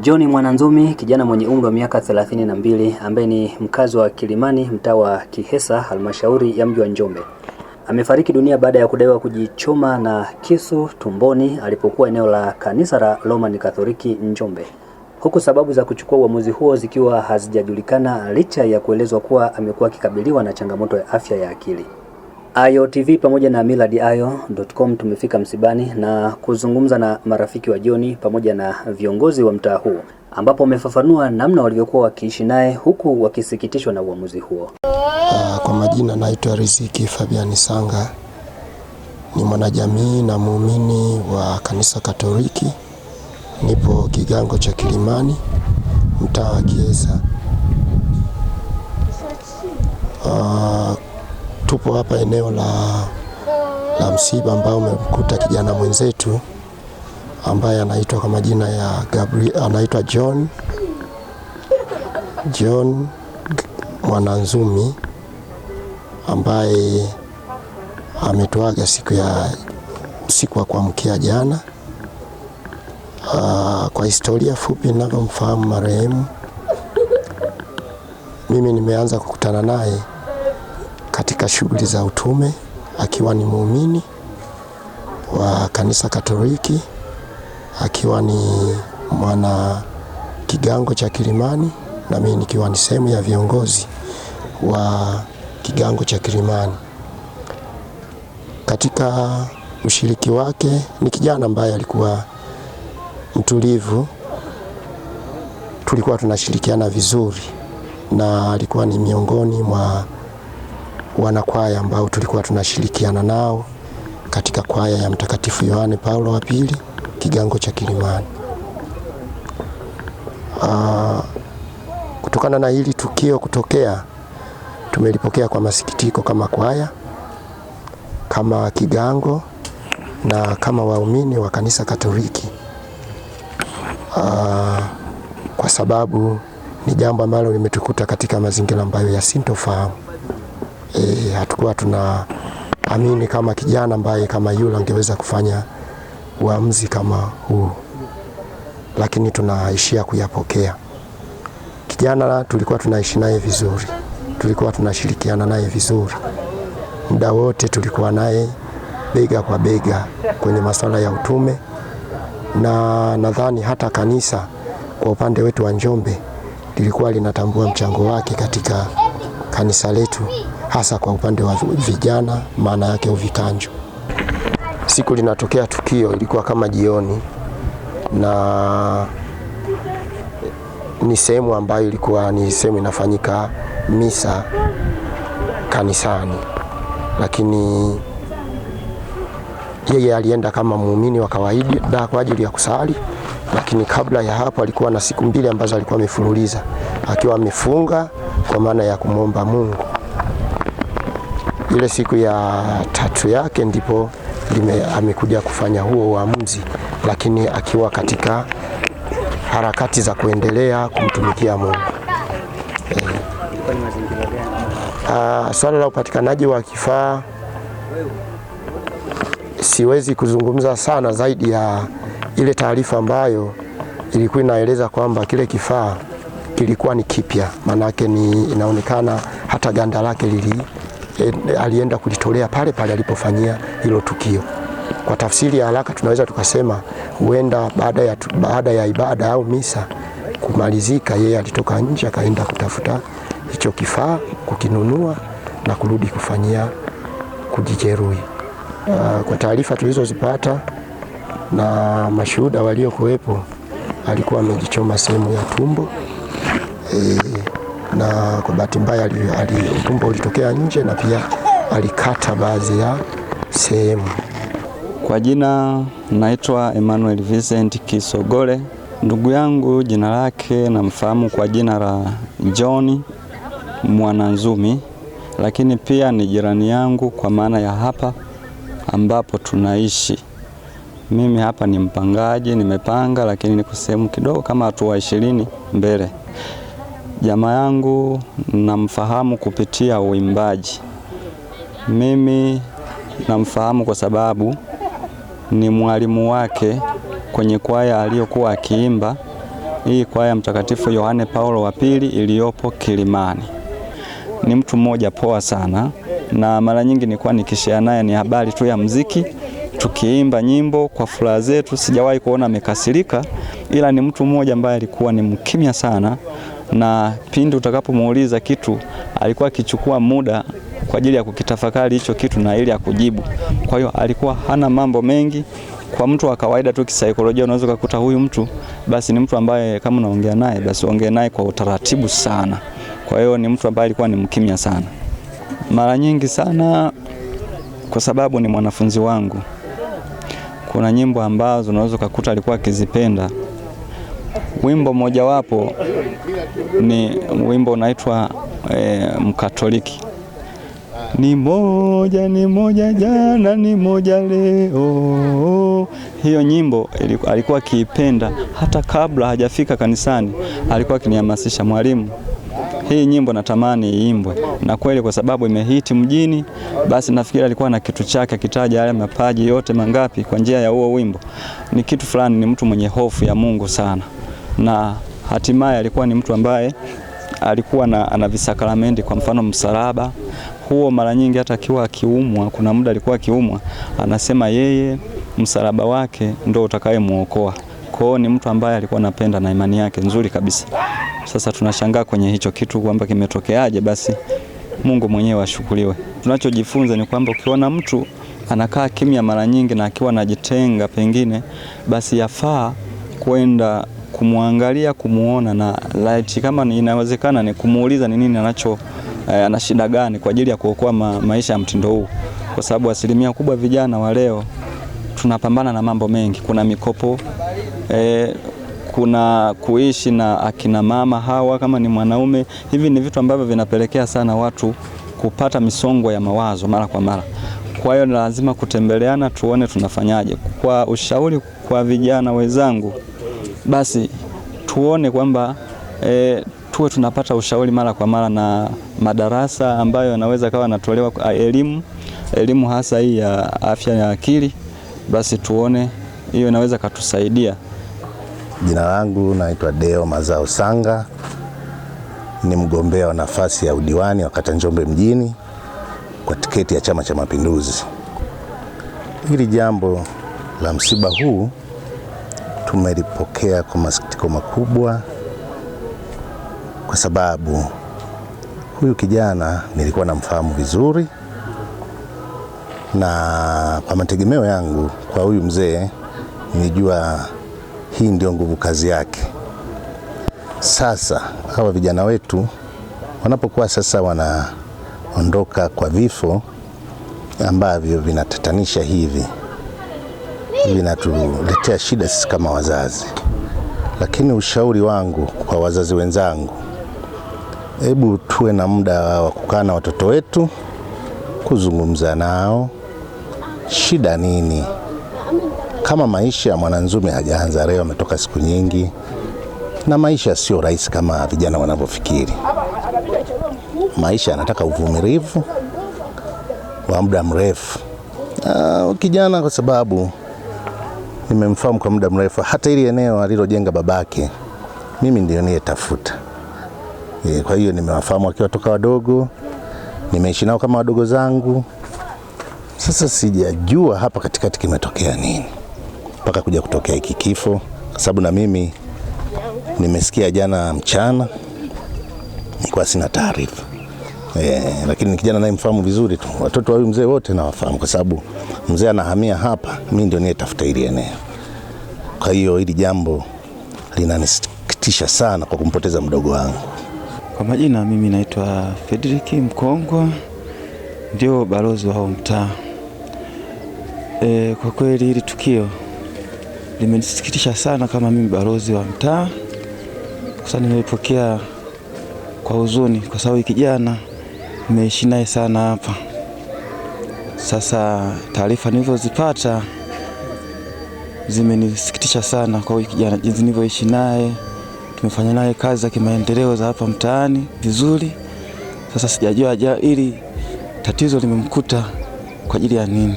John Mwananzumi, kijana mwenye umri wa miaka 32 ambaye ni mkazi wa Kilimani, mtaa wa Kihesa, halmashauri ya mji wa Njombe, amefariki dunia baada ya kudaiwa kujichoma na kisu tumboni alipokuwa eneo la kanisa la Roman Katoliki Njombe, huku sababu za kuchukua uamuzi huo zikiwa hazijajulikana licha ya kuelezwa kuwa amekuwa akikabiliwa na changamoto ya afya ya akili. Ayo TV pamoja na millardayo.com tumefika msibani na kuzungumza na marafiki wa John pamoja na viongozi wa mtaa huu ambapo wamefafanua namna walivyokuwa wakiishi naye huku wakisikitishwa na uamuzi huo. Uh, kwa majina naitwa Riziki Fabiani Sanga, ni mwanajamii na muumini wa kanisa Katoliki, nipo kigango cha Kilimani, mtaa wa Kiesa. Uh, Tupo hapa eneo la, la msiba ambao umekuta kijana mwenzetu ambaye anaitwa kwa majina ya Gabriel, anaitwa John John Mwananzumi ambaye ametuaga siku ya usiku wa kuamkia jana. Ah, kwa historia fupi ninavyomfahamu marehemu, mimi nimeanza kukutana naye katika shughuli za utume akiwa ni muumini wa kanisa Katoliki, akiwa ni mwana kigango cha Kilimani na mimi nikiwa ni sehemu ya viongozi wa kigango cha Kilimani. Katika ushiriki wake ni kijana ambaye alikuwa mtulivu, tulikuwa tunashirikiana vizuri na alikuwa ni miongoni mwa wanakwaya ambao tulikuwa tunashirikiana nao katika kwaya ya Mtakatifu Yohane Paulo wa Pili kigango cha Kilimani. Uh, kutokana na hili tukio kutokea, tumelipokea kwa masikitiko kama kwaya, kama kigango na kama waumini wa kanisa Katoliki ah, kwa sababu ni jambo ambalo limetukuta katika mazingira ambayo yasintofahamu e, tuna amini kama kijana ambaye kama yule angeweza kufanya uamuzi kama huu, lakini tunaishia kuyapokea. Kijana tulikuwa tunaishi naye vizuri, tulikuwa tunashirikiana naye vizuri, muda wote tulikuwa naye bega kwa bega kwenye masuala ya utume, na nadhani hata kanisa kwa upande wetu wa Njombe lilikuwa linatambua mchango wake katika kanisa letu hasa kwa upande wa vijana, maana yake uvikanjo. Siku linatokea tukio, ilikuwa kama jioni, na ni sehemu ambayo ilikuwa ni sehemu inafanyika misa kanisani, lakini yeye alienda kama muumini wa kawaida kwa ajili ya kusali, lakini kabla ya hapo alikuwa na siku mbili ambazo alikuwa amefululiza akiwa amefunga kwa maana ya kumwomba Mungu ile siku ya tatu yake ndipo lime, amekuja kufanya huo uamuzi, lakini akiwa katika harakati za kuendelea kumtumikia Mungu. Uh, swala la upatikanaji wa kifaa siwezi kuzungumza sana zaidi ya ile taarifa ambayo ilikuwa inaeleza kwamba kile kifaa kilikuwa ni kipya, maanake ni inaonekana hata ganda lake lili eh, alienda kulitolea pale pale alipofanyia hilo tukio. Kwa tafsiri ya haraka tunaweza tukasema huenda baada ya, baada ya ibada au misa kumalizika, yeye alitoka nje akaenda kutafuta hicho kifaa kukinunua na kurudi kufanyia kujijeruhi. Uh, kwa taarifa tulizozipata na mashuhuda waliokuwepo alikuwa amejichoma sehemu ya tumbo e, na kwa bahati mbaya utumbo ulitokea nje na pia alikata baadhi ya sehemu. Kwa jina naitwa Emmanuel Vincent Kisogole. Ndugu yangu jina lake namfahamu kwa jina la John Mwananzumi, lakini pia ni jirani yangu kwa maana ya hapa ambapo tunaishi. Mimi hapa ni mpangaji, nimepanga, lakini niko sehemu kidogo kama hatua ishirini mbele. Jamaa yangu namfahamu kupitia uimbaji. Mimi namfahamu kwa sababu ni mwalimu wake kwenye kwaya aliyokuwa akiimba hii kwaya Mtakatifu Yohane Paulo wa Pili iliyopo Kilimani. Ni mtu mmoja poa sana, na mara nyingi nilikuwa nikishia naye ni habari tu ya mziki, tukiimba nyimbo kwa furaha zetu. Sijawahi kuona amekasirika, ila ni mtu mmoja ambaye alikuwa ni mkimya sana na pindi utakapomuuliza kitu alikuwa akichukua muda kwa ajili ya kukitafakari hicho kitu na ili akujibu kujibu. Kwa hiyo alikuwa hana mambo mengi. Kwa mtu wa kawaida tu kisaikolojia, unaweza kukuta huyu mtu basi ni mtu ambaye kama unaongea naye basi ongee naye kwa utaratibu sana. Kwa hiyo ni mtu ambaye alikuwa ni mkimya sana mara nyingi sana, kwa sababu ni mwanafunzi wangu. Kuna nyimbo ambazo unaweza kukuta alikuwa akizipenda. Wimbo mmojawapo ni wimbo unaitwa e, Mkatoliki. Ni moja ni moja, jana ni moja, leo. Hiyo nyimbo alikuwa akiipenda hata kabla hajafika kanisani, alikuwa akinihamasisha, mwalimu, hii nyimbo natamani iimbwe. Na kweli kwa sababu imehiti mjini, basi nafikiri alikuwa na kitu chake, akitaja yale mapaji yote mangapi kwa njia ya huo wimbo. Ni kitu fulani, ni mtu mwenye hofu ya Mungu sana na hatimaye alikuwa ni mtu ambaye alikuwa na, ana visakramenti, kwa mfano msalaba huo. Mara nyingi hata akiwa akiumwa, kuna muda alikuwa akiumwa, anasema yeye msalaba wake ndio utakayemuokoa. Kwa ni mtu ambaye alikuwa anapenda na imani yake nzuri kabisa. Sasa tunashangaa kwenye hicho kitu kwamba kimetokeaje? Basi Mungu mwenyewe ashukuriwe. Tunachojifunza ni kwamba ukiona mtu anakaa kimya mara nyingi na akiwa anajitenga, pengine basi yafaa kwenda kumwangalia, kumuona na laiti kama inawezekana ni kumuuliza ni nini anacho eh, ana shida gani kwa ajili ya kuokoa ma, maisha ya mtindo huu, kwa sababu asilimia kubwa vijana wa leo tunapambana na mambo mengi. Kuna mikopo eh, kuna kuishi na akina mama hawa kama ni mwanaume. Hivi ni vitu ambavyo vinapelekea sana watu kupata misongo ya mawazo mara kwa mara. Kwa hiyo lazima kutembeleana, tuone tunafanyaje. Kwa ushauri kwa vijana wenzangu basi tuone kwamba e, tuwe tunapata ushauri mara kwa mara na madarasa ambayo yanaweza kawa yanatolewa elimu elimu hasa hii ya afya ya akili, basi tuone hiyo inaweza katusaidia. Jina langu naitwa Deo Mazao Sanga, ni mgombea wa nafasi ya udiwani wa kata Njombe mjini kwa tiketi ya Chama cha Mapinduzi. Hili jambo la msiba huu tumelipokea kwa masikitiko makubwa, kwa sababu huyu kijana nilikuwa namfahamu vizuri, na kwa mategemeo yangu kwa huyu mzee nilijua hii ndio nguvu kazi yake. Sasa hawa vijana wetu wanapokuwa sasa wanaondoka kwa vifo ambavyo vinatatanisha hivi vinatuletea shida sisi kama wazazi. Lakini ushauri wangu kwa wazazi wenzangu, hebu tuwe na muda wa kukaa na watoto wetu, kuzungumza nao, shida nini? Kama maisha ya Mwananzume hajaanza leo, ametoka siku nyingi, na maisha sio rahisi kama vijana wanavyofikiri. Maisha yanataka uvumilivu wa muda mrefu, uh, kijana kwa sababu nimemfahamu kwa muda mrefu, hata ili eneo alilojenga babake mimi ndio niyetafuta. E, kwa hiyo nimewafahamu akiwa toka wadogo, nimeishi nao kama wadogo zangu. Sasa sijajua hapa katikati kimetokea nini mpaka kuja kutokea hiki kifo, kwa sababu na mimi nimesikia jana mchana, nilikuwa sina taarifa eh, lakini ni kijana nayemfahamu vizuri tu. Watoto wa huyu mzee wote nawafahamu, kwa sababu mzee anahamia hapa, mi ndio niyetafuta hili eneo. Kwa hiyo hili jambo linanisikitisha sana kwa kumpoteza mdogo wangu. Kwa majina, mimi naitwa Fredrick Mkongwa, ndio balozi wa mtaa. E, kwa kweli hili tukio limenisikitisha sana kama mimi balozi wa mtaa, kwa sababu nimepokea kwa huzuni, kwa sababu kijana nimeishi naye sana hapa. Sasa taarifa nilivyozipata zimenisikitisha sana kwa wiki kijana, jinsi nilivyoishi naye, tumefanya naye kazi za kimaendeleo za hapa mtaani vizuri. Sasa sijajua ja ili tatizo limemkuta kwa ajili ya nini,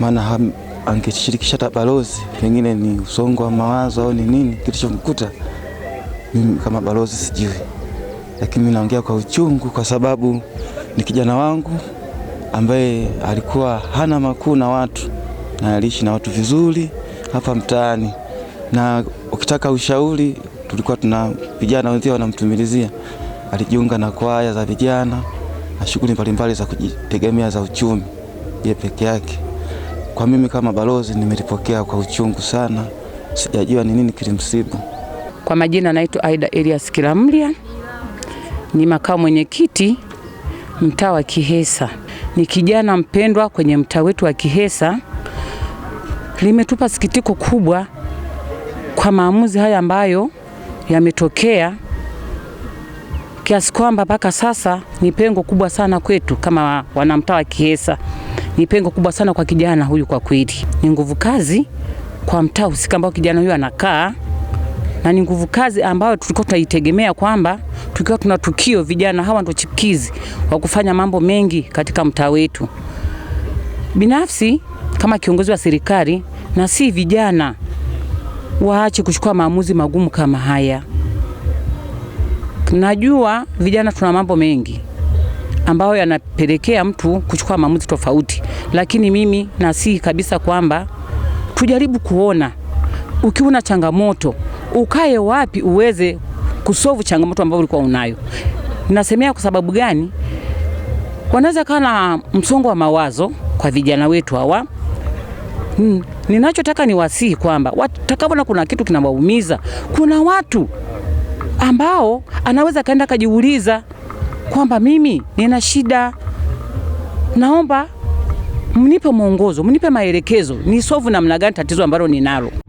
maana angeshirikisha hata balozi, pengine ni usongo wa mawazo au ni nini kilichomkuta. Mimi kama balozi sijui lakini mimi naongea kwa uchungu, kwa sababu ni kijana wangu ambaye alikuwa hana makuu na watu na aliishi na watu vizuri hapa mtaani, na ukitaka ushauri tulikuwa tuna vijana wenzao wanamtumilizia. Alijiunga na kwaya za vijana na shughuli mbalimbali za kujitegemea za uchumi, yeye peke yake. Kwa mimi kama balozi nimelipokea kwa uchungu sana, sijajua ni nini kilimsibu. Kwa majina naitwa Aida Elias Kilamlia ni makamu mwenyekiti mtaa wa Kihesa. Ni kijana mpendwa kwenye mtaa wetu wa Kihesa. Limetupa sikitiko kubwa kwa maamuzi haya ambayo yametokea kiasi kwamba mpaka sasa ni pengo kubwa sana kwetu kama wanamtaa wa Kihesa, ni pengo kubwa sana kwa kijana huyu. Kwa kweli ni nguvu kazi kwa mtaa husika ambao kijana huyu anakaa, na ni nguvu kazi ambayo tulikuwa tunaitegemea kwamba tukiwa tuna tukio, vijana hawa ndio chipukizi wa kufanya mambo mengi katika mtaa wetu. Binafsi kama kiongozi wa serikali, na si vijana waache kuchukua maamuzi magumu kama haya. Najua vijana tuna mambo mengi ambayo yanapelekea mtu kuchukua maamuzi tofauti, lakini mimi nasihi kabisa kwamba tujaribu kuona ukiwa na changamoto ukae wapi uweze kusovu changamoto ambayo ulikuwa unayo. Nasemea kwa sababu gani? Wanaweza kaa na msongo wa mawazo kwa vijana wetu hawa. Hmm. Ninachotaka niwasihi kwamba watakapoona kuna kitu kinawaumiza, kuna watu ambao anaweza kaenda kajiuliza kwamba mimi nina shida, naomba mnipe mwongozo, mnipe maelekezo, sovu namna gani tatizo ambalo ninalo.